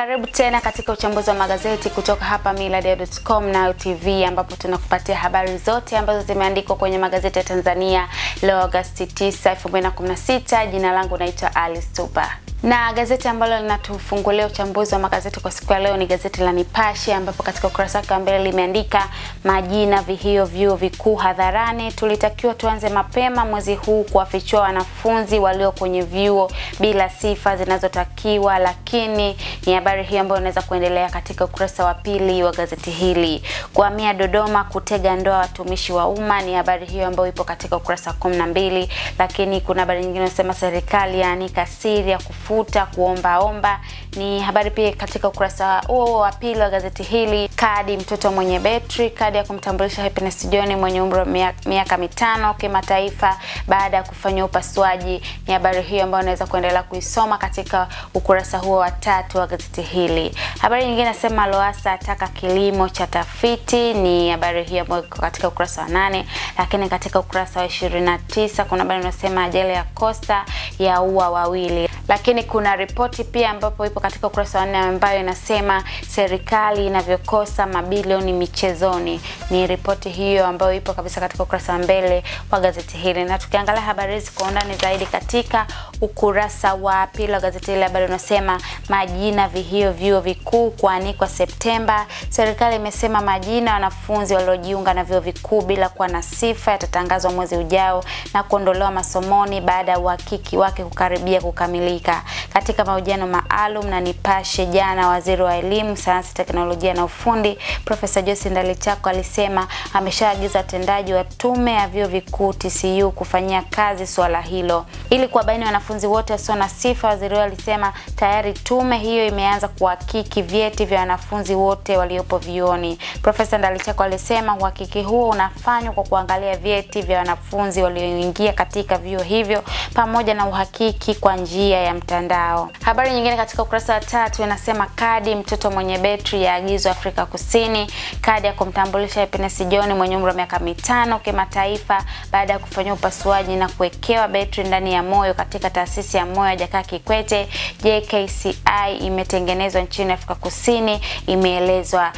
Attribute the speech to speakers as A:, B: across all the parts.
A: Karibu tena katika uchambuzi wa magazeti kutoka hapa millardayo.com na utv ambapo tunakupatia habari zote ambazo zimeandikwa kwenye magazeti ya Tanzania leo Agosti 9, 2016. Jina langu naitwa Alice Tupa. Na gazeti ambalo linatufungulia uchambuzi wa magazeti kwa siku ya leo ni gazeti la Nipashe ambapo katika ukurasa wake wa mbele limeandika majina vihio vyuo vikuu hadharani, tulitakiwa tuanze mapema mwezi huu kuwafichua wanafunzi walio kwenye vyuo bila sifa zinazotakiwa, lakini ni habari hiyo ambayo inaweza kuendelea katika ukurasa wa pili wa gazeti hili. Kuhamia Dodoma kutega ndoa watumishi wa umma, ni habari hiyo ambayo ipo katika ukurasa wa 12, lakini kuna habari nyingine inasema serikali yaanika siri ya kufu kutafuta, kuombaomba. Ni habari pia katika ukurasa huo wa pili wa gazeti hili. Kadi mtoto mwenye betri, kadi ya kumtambulisha Happiness John mwenye umri wa miaka mitano kimataifa baada ya kufanywa upasuaji. Ni habari hiyo ambayo unaweza kuendelea kuisoma katika ukurasa huo wa tatu wa gazeti hili. Habari nyingine nasema Loasa ataka kilimo cha tafiti. Ni habari hiyo ambayo iko katika ukurasa wa nane, lakini katika ukurasa wa 29 kuna habari inasema ajali ya ya ua wawili. Lakini kuna ripoti pia ambapo ipo katika ukurasa wa nne ambayo inasema serikali inavyokosa mabilioni michezoni. Ni ripoti hiyo ambayo ipo kabisa katika ukurasa wa mbele wa gazeti hili, na tukiangalia habari hizi kwa undani zaidi katika ukurasa wa pili wa gazeti hili, habari unasema majina vihio vyuo vikuu kuanikwa Septemba. Serikali imesema majina wanafunzi waliojiunga na vyuo vikuu bila kuwa na sifa yatatangazwa mwezi ujao na kuondolewa masomoni baada ya uhakiki wake kukaribia kukamilika. Afrika. Katika mahojiano maalum na Nipashe jana, waziri wa elimu, sayansi, teknolojia na ufundi Profesa Jose Ndalichako alisema ameshaagiza watendaji wa tume ya vyuo vikuu TCU kufanyia kazi swala hilo ili kuwabaini wanafunzi wote wasio na sifa. Waziri huyo alisema tayari tume hiyo imeanza kuhakiki vyeti vya wanafunzi wote waliopo vyuoni. Profesa Ndalichako alisema uhakiki huo unafanywa kwa kuangalia vyeti vya wanafunzi walioingia katika vyuo hivyo pamoja na uhakiki kwa njia ya mtandao. Habari nyingine katika ukurasa wa tatu inasema kadi mtoto mwenye betri ya agizo Afrika Kusini, kadi ya kumtambulisha Happiness John mwenye umri wa miaka mitano kimataifa baada ya kufanyia upasuaji na kuwekewa betri ndani ya moyo katika taasisi ya moyo ya Jakaya Kikwete JKCI imetengenezwa nchini Afrika Kusini, imeelezwa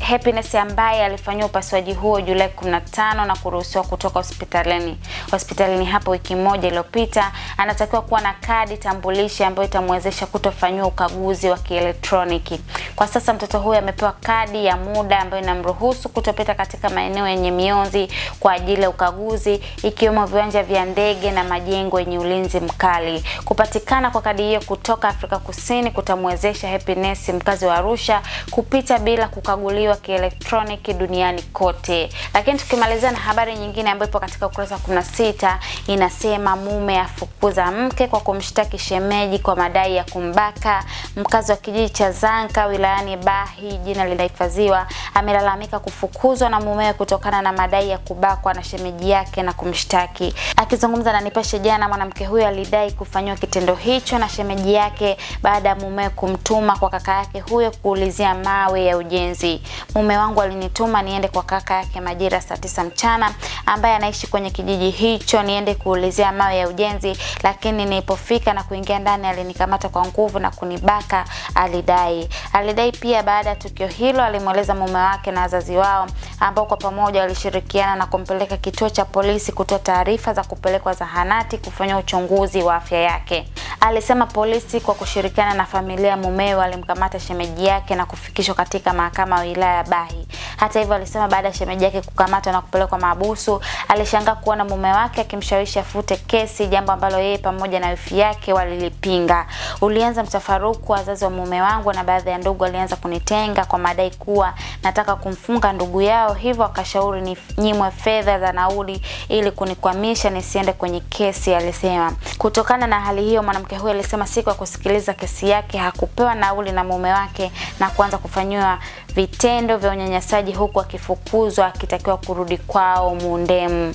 A: Happiness ambaye alifanyiwa upasuaji huo Julai 15 na kuruhusiwa kutoka hospitalini hospitalini hapo wiki moja iliyopita, anatakiwa kuwa na kadi tambulishi ambayo itamwezesha kutofanyiwa ukaguzi wa kielektroniki. Kwa sasa mtoto huyo amepewa kadi ya muda ambayo inamruhusu kutopita katika maeneo yenye mionzi kwa ajili ya ukaguzi, ikiwemo viwanja vya ndege na majengo yenye ulinzi mkali. Kupati Kupatikana kwa kadi hiyo kutoka Afrika Kusini kutamwezesha Happiness mkazi wa Arusha kupita bila kukaguliwa kielektroniki duniani kote. Lakini tukimalizia na habari nyingine ambayo ipo katika ukurasa wa 16 inasema mume afukuza mke kwa kumshtaki shemeji kwa madai ya kumbaka. Mkazi wa kijiji cha Zanka wilayani Bahi jina linahifadhiwa amelalamika kufukuzwa na mumewe kutokana na madai ya kubakwa na shemeji yake na kumshtaki. Akizungumza na Nipashe jana, mwanamke huyo alidai kufanywa kitendo hicho na shemeji yake baada ya mume kumtuma kwa kaka yake huyo kuulizia mawe ya ujenzi. Mume wangu alinituma niende kwa kaka yake majira saa tisa mchana ambaye anaishi kwenye kijiji hicho niende kuulizia mawe ya ujenzi, lakini nilipofika na kuingia ndani alinikamata kwa nguvu na kunibaka, alidai. Alidai pia baada ya tukio hilo alimweleza mume wake na wazazi wao ambao kwa pamoja walishirikiana na kumpeleka kituo cha polisi kutoa taarifa za kupelekwa zahanati kufanya uchunguzi wa afya yake. Alisema polisi kwa kushirikiana na familia mumewe walimkamata shemeji yake na kufikishwa katika mahakama ya wilaya ya Bahi. Hata hivyo, alisema baada ya shemeji yake kukamatwa na kupelekwa mahabusu, alishangaa kuona mume wake akimshawishi afute kesi, jambo ambalo yeye pamoja na wifi yake walilipinga. Ulianza mtafaruku, wazazi wa mume wangu na baadhi ya ndugu walianza kunitenga kwa madai kuwa nataka kumfunga ndugu yao, hivyo akashauri ninyimwe fedha za nauli ili kunikwamisha nisiende kwenye kesi, alisema. Kutokana na hali hiyo mwana mwanamke huyo alisema siku ya kusikiliza kesi yake hakupewa nauli na mume wake na kuanza kufanyiwa vitendo vya unyanyasaji huku akifukuzwa akitakiwa kurudi kwao Mundemu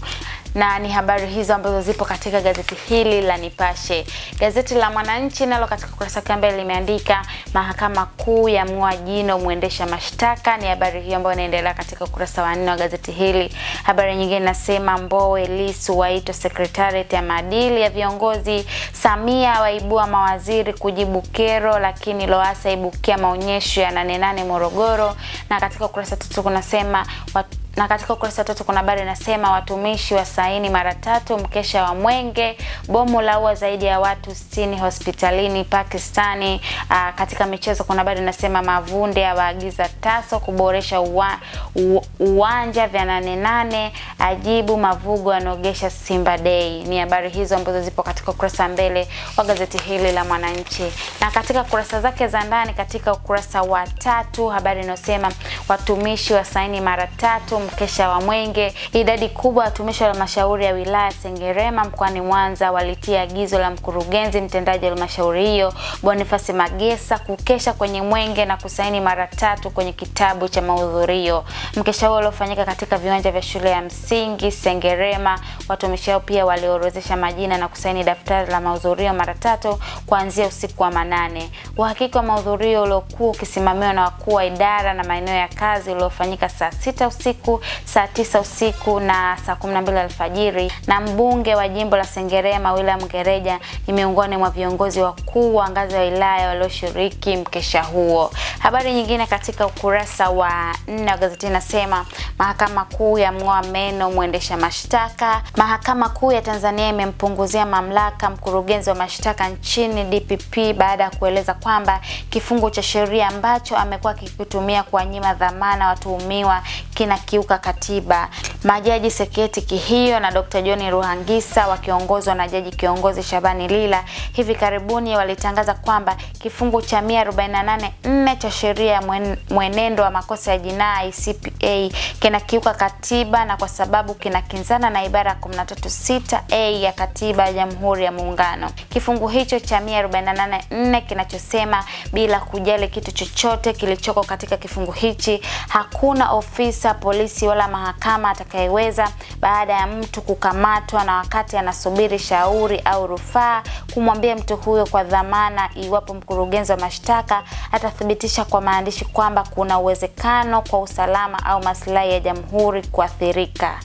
A: na ni habari hizo ambazo zipo katika gazeti hili la Nipashe. Gazeti la Mwananchi nalo katika ukurasa wake mbele limeandika mahakama kuu ya mng'oa jino mwendesha mashtaka, ni habari hiyo ambayo inaendelea katika ukurasa wa nne wa gazeti hili. Habari nyingine inasema Mbowe Lisu waitwa sekretarieti ya maadili ya viongozi, Samia waibua mawaziri kujibu kero, lakini Lowassa ibukia maonyesho ya Nane Nane Morogoro, na katika ukurasa tatu kunasema watu na katika ukurasa wa tatu kuna habari inasema watumishi wasaini mara tatu mkesha wa mwenge. Bomu la laua zaidi ya watu sitini hospitalini Pakistani. Aa, ah, katika michezo kuna habari inasema Mavunde awaagiza Taso kuboresha uwa, u, uwanja vya nane nane, ajibu Mavugo anogesha Simba Day. Ni habari hizo ambazo zipo katika ukurasa mbele wa gazeti hili la Mwananchi, na katika kurasa zake za ndani, katika ukurasa wa tatu habari inayosema watumishi wasaini mara tatu mkesha wa Mwenge, idadi kubwa ya watumishi wa halmashauri ya wilaya Sengerema mkoani Mwanza walitia agizo la mkurugenzi mtendaji wa halmashauri hiyo Bonifasi Magesa kukesha kwenye Mwenge na kusaini mara tatu kwenye kitabu cha mahudhurio. Mkesha huo uliofanyika katika viwanja vya shule ya msingi Sengerema, watumishi hao pia waliorodhesha majina na kusaini daftari la mahudhurio mara tatu kuanzia usiku wa manane. Uhakiki wa mahudhurio uliokuwa ukisimamiwa na wakuu wa idara na maeneo ya kazi uliofanyika saa sita usiku saa tisa usiku na saa mbili alfajiri. Na mbunge wa jimbo la Sengerema William Ngereja ni miongoni mwa viongozi wakuu wa ngazi ya wilaya walioshiriki mkesha huo. Habari nyingine katika ukurasa wa nne wa gazeti inasema mahakama kuu ya mng'oa meno mwendesha mashtaka. Mahakama Kuu ya Tanzania imempunguzia mamlaka mkurugenzi wa mashtaka nchini DPP baada ya kueleza kwamba kifungu cha sheria ambacho amekuwa kikitumia kuwanyima dhamana watuhumiwa kina kiu kukiuka katiba. Majaji Seketi Kihiyo na Dr. John Ruhangisa wakiongozwa na jaji kiongozi Shabani Lila hivi karibuni walitangaza kwamba kifungu cha 148(4) cha sheria ya mwenendo wa makosa ya jinai CPA kinakiuka katiba na kwa sababu kinakinzana na ibara ya 136A ya katiba ya Jamhuri ya Muungano. Kifungu hicho cha 148(4) kinachosema bila kujali kitu chochote kilichoko katika kifungu hichi, hakuna ofisa polisi polisi wala mahakama atakayeweza baada ya mtu kukamatwa na wakati anasubiri shauri au rufaa kumwambia mtu huyo kwa dhamana, iwapo mkurugenzi wa mashtaka atathibitisha kwa maandishi kwamba kuna uwezekano kwa usalama au maslahi ya jamhuri kuathirika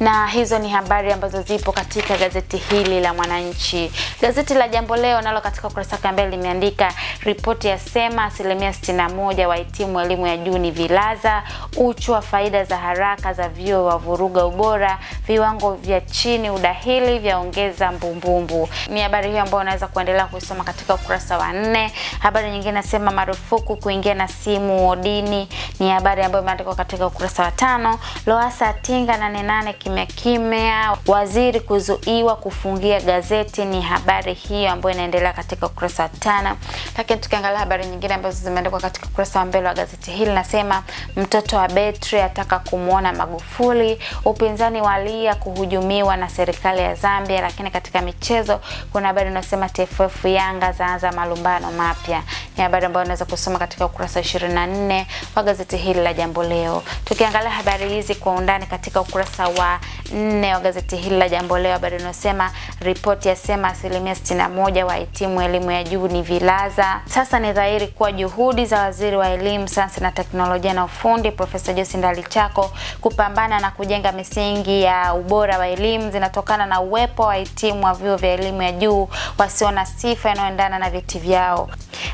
A: na hizo ni habari ambazo zipo katika gazeti hili la Mwananchi. Gazeti la Jambo Leo nalo katika ukurasa wake mbele limeandika ripoti yasema asilimia 61 wahitimu elimu ya juu ni vilaza. uchwa faida za haraka za vyuo wa vuruga ubora. Viwango vya chini udahili vyaongeza mbumbumbu. Ni habari hiyo ambayo unaweza kuendelea kusoma katika ukurasa wa nne. Habari nyingine nasema marufuku kuingia na simu odini, ni habari ambayo imeandikwa katika ukurasa wa tano. Loasa atinga 88 kimya kimya. Waziri kuzuiwa kufungia gazeti, ni habari hiyo ambayo inaendelea katika ukurasa wa tano. Lakini tukiangalia habari nyingine ambazo zimeandikwa katika ukurasa wa mbele wa gazeti hili, nasema mtoto wa Betri ataka kumwona Magufuli, upinzani walia kuhujumiwa na serikali ya Zambia. Lakini katika michezo kuna habari inasema TFF Yanga zaanza malumbano mapya ni habari ambayo unaweza kusoma katika ukurasa 24 wa gazeti hili la Jambo Leo. Tukiangalia habari hizi kwa undani katika ukurasa wa nne wa gazeti hili la Jambo Leo, habari inasema ripoti yasema asilimia 61 wahitimu elimu ya juu ni vilaza. Sasa ni dhahiri kuwa juhudi za waziri wa elimu, sayansi na teknolojia na ufundi Profesa Joyce Ndalichako kupambana na kujenga misingi ya ubora wa elimu zinatokana na uwepo wa wahitimu wa vyuo vya elimu ya juu wasio na sifa inayoendana na vyeti vyao.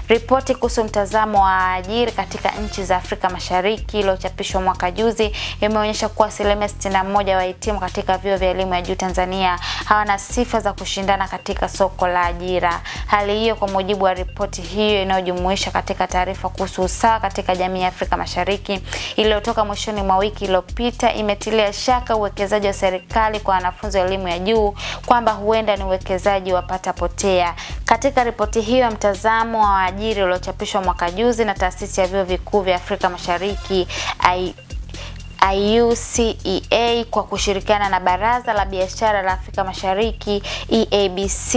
A: Ripoti kuhusu mtazamo wa ajira katika nchi za Afrika Mashariki iliyochapishwa mwaka juzi imeonyesha kuwa asilimia 61 na wahitimu katika vyuo vya elimu ya juu Tanzania hawana sifa za kushindana katika soko la ajira. Hali hiyo kwa mujibu wa ripoti hiyo inayojumuisha katika taarifa kuhusu usawa katika jamii ya Afrika Mashariki iliyotoka mwishoni mwa wiki iliyopita, imetilia shaka uwekezaji wa serikali kwa wanafunzi wa elimu ya juu kwamba huenda ni uwekezaji wa pata potea. Katika ripoti hiyo ya mtazamo wa waajiri uliochapishwa mwaka juzi na taasisi ya vyuo vikuu vya Afrika Mashariki IUCEA kwa kushirikiana na Baraza la Biashara la Afrika Mashariki EABC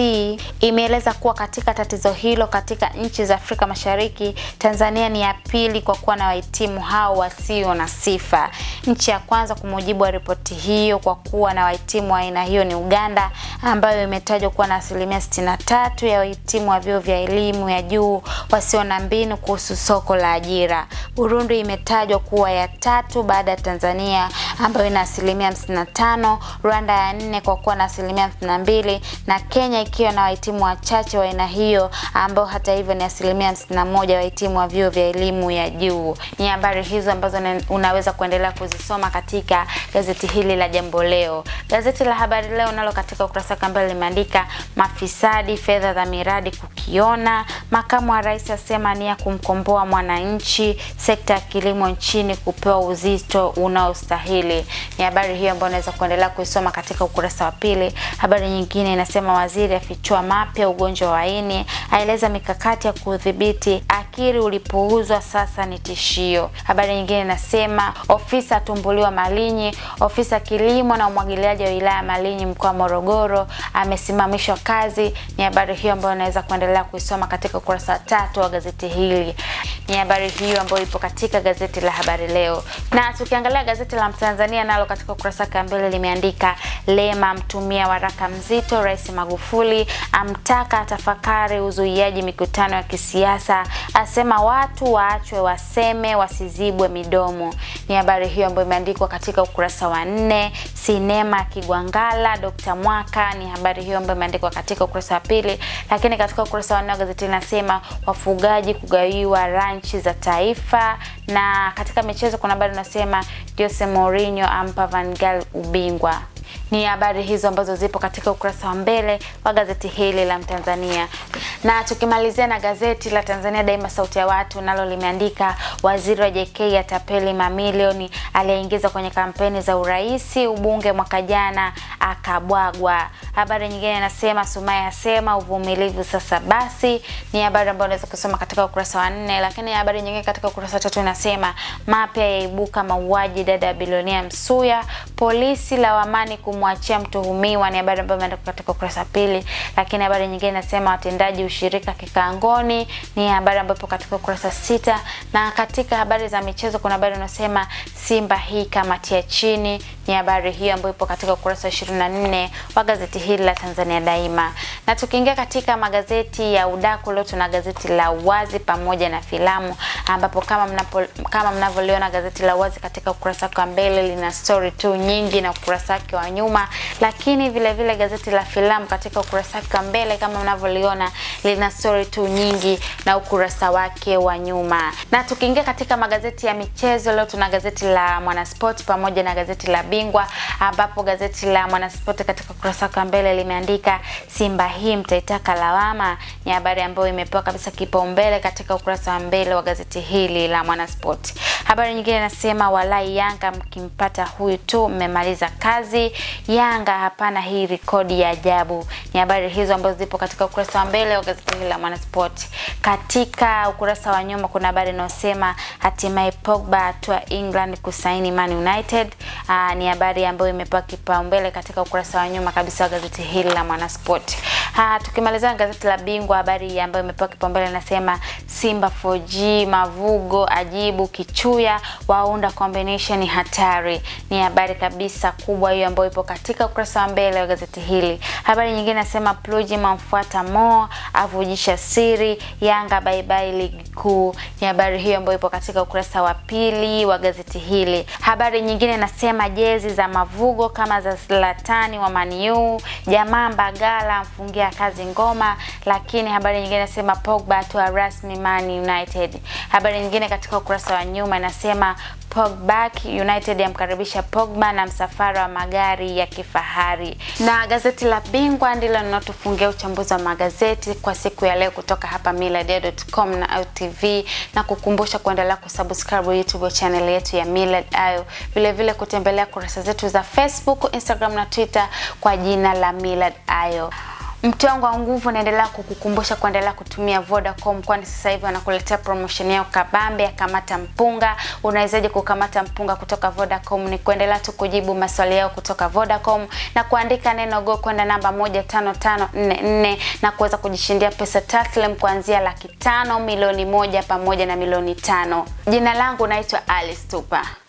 A: imeeleza kuwa katika tatizo hilo katika nchi za Afrika Mashariki, Tanzania ni ya pili kwa kuwa na wahitimu hao wasio na sifa. Nchi ya kwanza kwa mujibu wa ripoti hiyo kwa kuwa na wahitimu wa aina hiyo ni Uganda ambayo imetajwa kuwa na asilimia 63 ya wahitimu wa vyuo vya elimu ya juu wasio na mbinu kuhusu soko la ajira. Burundi imetajwa kuwa ya tatu baada ya Tanzania ambayo ina asilimia 55, Rwanda ya nne kwa kuwa na asilimia 52 na Kenya ikiwa na wahitimu wachache wa aina hiyo ambao hata hivyo ni asilimia 51 wahitimu wa vyuo vya elimu ya juu. Ni habari hizo ambazo unaweza kuendelea kuzisoma katika gazeti hili la Jambo Leo. Gazeti la Habari Leo nalo katika ukurasa wake mbele limeandika mafisadi fedha za miradi kukiona, makamu wa rais asema nia kumkomboa mwananchi, sekta ya kilimo nchini kupewa uzito unaostahili. Ni habari hiyo ambayo unaweza kuendelea kuisoma katika ukurasa wa pili. Habari nyingine inasema waziri afichua mapya ugonjwa wa ini, aeleza mikakati ya kudhibiti, akiri ulipouzwa sasa ni tishio. Habari nyingine inasema ofisa atumbuliwa Malinyi, ofisa kilimo na umwagiliaji wa wilaya Malinyi mkoa Morogoro amesimamishwa kazi. Ni habari hiyo ambayo unaweza kuendelea kuisoma katika ukurasa wa tatu wa gazeti hili. Ni habari hiyo ambayo ipo katika gazeti la Habari Leo na tukiangalia Tukiangalia gazeti la Mtanzania nalo katika ukurasa wake mbele limeandika Lema mtumia waraka mzito, Rais Magufuli amtaka tafakari uzuiaji mikutano ya kisiasa, asema watu waachwe waseme, wasizibwe midomo. Ni habari hiyo ambayo imeandikwa katika ukurasa wa nne. Sinema Kigwangala, Dr. Mwaka, ni habari hiyo ambayo imeandikwa katika ukurasa wa pili, lakini katika ukurasa wa nne gazeti linasema wafugaji kugawiwa ranchi za taifa, na katika michezo kuna habari inasema Jose Mourinho ampa Van Gaal ubingwa ni habari hizo ambazo zipo katika ukurasa wa mbele wa gazeti hili la Mtanzania. Na tukimalizia na gazeti la Tanzania Daima sauti ya watu, nalo limeandika waziri wa JK atapeli mamilioni aliyeingiza kwenye kampeni za urais, ubunge mwaka jana akabwagwa. Habari nyingine inasema Sumaya asema uvumilivu sasa basi, ni habari ambayo unaweza kusoma katika ukurasa wa nne. Lakini habari nyingine katika ukurasa wa tatu inasema mapya yaibuka mauaji dada ya bilionea Msuya, polisi la wamani kumwa kumwachia mtuhumiwa, ni habari ambayo imeandikwa katika ukurasa pili. Lakini habari nyingine inasema watendaji ushirika kikangoni ni habari ambayo ipo katika ukurasa sita. Na katika habari za michezo kuna habari inasema Simba hii kamati ya chini ni habari hiyo ambayo ipo katika ukurasa wa 24 wa gazeti hili la Tanzania Daima. Na tukiingia katika magazeti ya udaku leo tuna gazeti la Uwazi pamoja na filamu ambapo kama mnapo, kama mnavyoliona gazeti la Uwazi katika ukurasa wa mbele lina story tu nyingi na ukurasa wake wa nyuma, lakini vile vile gazeti la filamu katika ukurasa wa mbele kama mnavyoliona lina story tu nyingi na ukurasa wake wa nyuma. Na tukiingia katika magazeti ya michezo leo tuna gazeti la Mwanasport pamoja na gazeti la B mabingwa ambapo gazeti la Mwanaspoti katika ukurasa wa mbele limeandika Simba hii mtaitaka lawama. Ni habari ambayo imepewa kabisa kipaumbele katika ukurasa wa mbele wa gazeti hili la Mwanaspoti. Habari nyingine inasema walai Yanga mkimpata huyu tu mmemaliza kazi. Yanga hapana, hii rekodi ya ajabu. Ni habari hizo ambazo zipo katika ukurasa wa mbele wa gazeti hili la Mwanaspoti. Katika ukurasa wa nyuma kuna habari inayosema hatimaye Pogba atua England kusaini Man United. Aa, ni ni habari ambayo imepewa kipaumbele katika ukurasa wa nyuma kabisa wa gazeti hili la Mwanaspoti. Ha, tukimalizana gazeti la Bingwa, habari ambayo imepewa kipaumbele inasema Simba 4G Mavugo ajibu Kichuya waunda combination hatari. Ni habari kabisa kubwa hiyo ambayo ipo katika ukurasa wa mbele wa gazeti hili. Habari nyingine inasema Pluji mamfuata Mo avujisha siri Yanga bye bye ligi kuu. Ni habari hiyo ambayo ipo katika ukurasa wa pili wa gazeti hili. Habari nyingine inasema je jezi za Mavugo kama za Zlatani wa Maniu, Jamaa Mbagala amfungia kazi ngoma. Lakini habari nyingine inasema Pogba atua rasmi Man United. Habari nyingine katika ukurasa wa nyuma inasema Pogba. United yamkaribisha Pogba na msafara wa magari ya kifahari. Na gazeti la Bingwa ndilo linalotufungia uchambuzi wa magazeti kwa siku ya leo kutoka hapa millardayo.com na ITV, na kukumbusha kuendelea kusubscribe YouTube channel yetu ya Millard Ayo, vile vile kutembelea kurasa zetu za Facebook, Instagram na Twitter kwa jina la Millard Ayo. Mtu wangu wa nguvu naendelea kukukumbusha kuendelea kutumia Vodacom, kwani sasa hivi wanakuletea promotion yao kabambe ya kamata mpunga. Unawezaje kukamata mpunga kutoka Vodacom? Ni kuendelea tu kujibu maswali yao kutoka Vodacom na kuandika neno go kwenda namba 15544 na kuweza kujishindia pesa taslim kuanzia laki tano, milioni moja pamoja na milioni tano. Jina langu naitwa Alice Tupa.